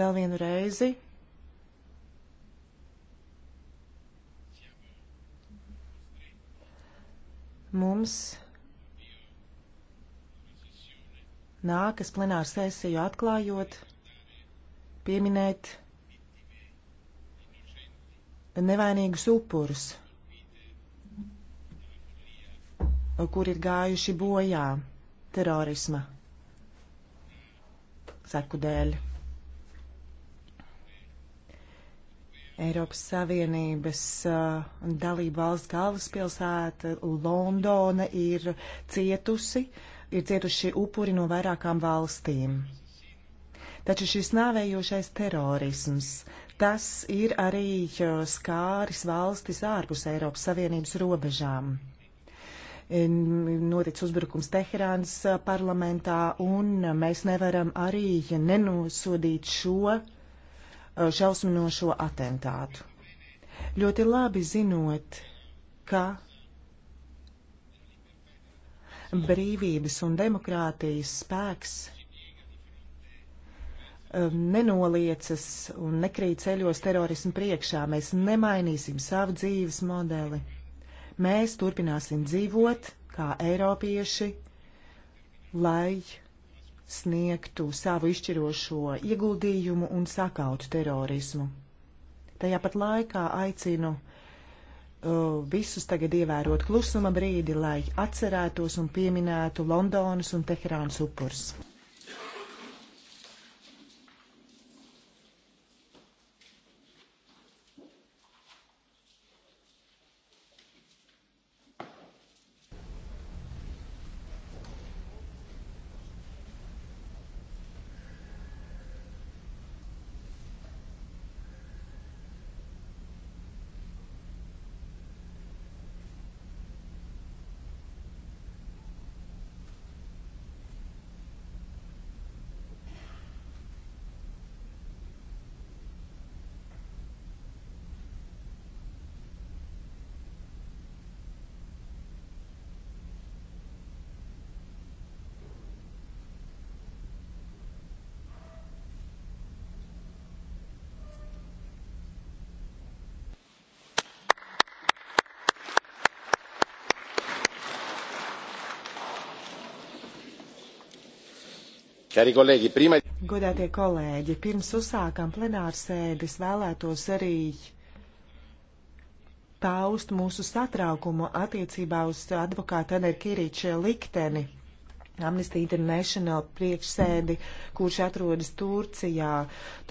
vēl vienu reizi. Mums nākas plenāru sesiju atklājot, pieminēt nevainīgus upurus, kur ir gājuši bojā terorisma seku dēļ. Eiropas Savienības uh, dalību valsts galvaspilsēta Londona ir cietusi, ir cietuši upuri no vairākām valstīm. Taču šis nāvējošais terorisms, tas ir arī uh, skāris valstis ārpus Eiropas Savienības robežām. Notic uzbrukums Teherānas uh, parlamentā, un uh, mēs nevaram arī nenosodīt šo uh, Uh, šausminošo atentātu. Ļoti labi zinot, ka brīvības un demokrātijas spēks um, nenoliecas un nekrīt ceļos terorismu priekšā. Mēs nemainīsim savu dzīves modeli. Mēs turpināsim dzīvot kā eiropieši, lai sniegtu savu izšķirošo ieguldījumu un sakautu terorismu. Tajā pat laikā aicinu uh, visus tagad ievērot klusuma brīdi, lai atcerētos un pieminētu Londonas un Teherānas upurs. Godātie kolēģi, pirms uzsākām plenārsēdi, es vēlētos arī paust mūsu satraukumu attiecībā uz advokāta Enerkīriča likteni. Amnesty International priekšsēdi, kurš atrodas Turcijā.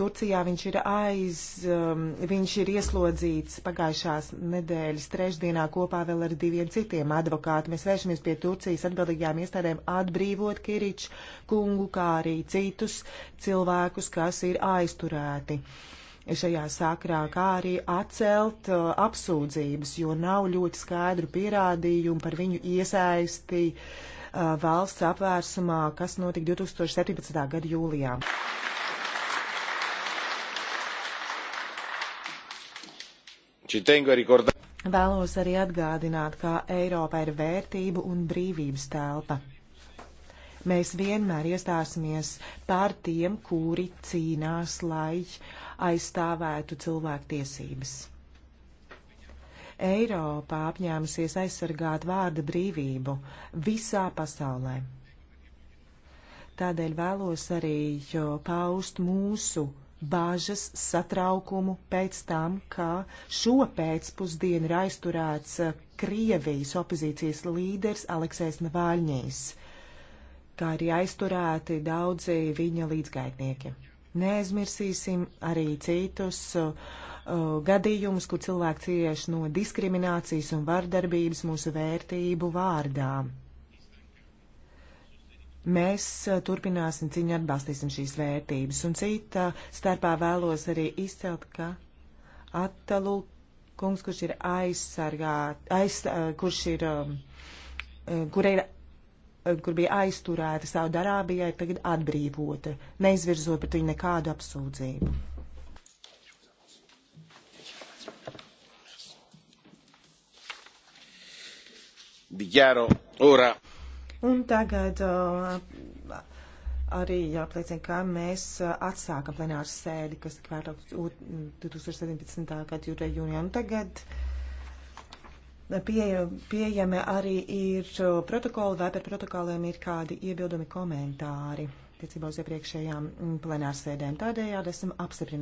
Turcijā viņš ir aiz, um, viņš ir ieslodzīts pagājušās nedēļas trešdienā kopā vēl ar diviem citiem advokātiem. Mēs vēršamies pie Turcijas atbildīgajām iestādēm atbrīvot Kirič kungu, kā arī citus cilvēkus, kas ir aizturēti šajā sakrā, kā arī atcelt uh, apsūdzības, jo nav ļoti skaidru pierādījumu par viņu iesaisti uh, valsts apvērsumā, kas notika 2017. gada jūlijā. Vēlos arī atgādināt, ka Eiropa ir vērtību un brīvības telpa. Mēs vienmēr iestāsimies par tiem, kuri cīnās, lai aizstāvētu cilvēktiesības. Eiropā apņēmusies aizsargāt vārda brīvību visā pasaulē. Tādēļ vēlos arī paust mūsu bāžas, satraukumu pēc tam, kā šo pēcpusdienu ir aizturēts eh, Krievijas opozīcijas līderis Aleksējs Navaļņīs, kā arī aizturēti daudzi viņa līdzgaitnieki. Neaizmirsīsim arī citus uh, Uh, gadījumus, kur cilvēki cieši no diskriminācijas un vardarbības mūsu vērtību vārdā. Mēs uh, turpināsim cīņu, atbalstīsim šīs vērtības. Un cita starpā vēlos arī izcelt, ka Attalu kungs, kurš ir aizsargāt, aiz, uh, kurš ir, um, kur ir, kur bija aizturēta Saudarābijai, tagad atbrīvota, neizvirzot pret viņu nekādu apsūdzību. Dichiaro ora. Un tagad uh, arī jāpliecina, ka mēs uh, atsākam plenāru sēdi, kas tika vērtāts 2017. gada jūrē jūnijā. Un tagad uh, pie, pieejami arī ir uh, protokoli, vai par protokoliem ir kādi iebildumi komentāri attiecībā uz iepriekšējām mm, plenārsēdēm. Tādējādi esam apstiprināti.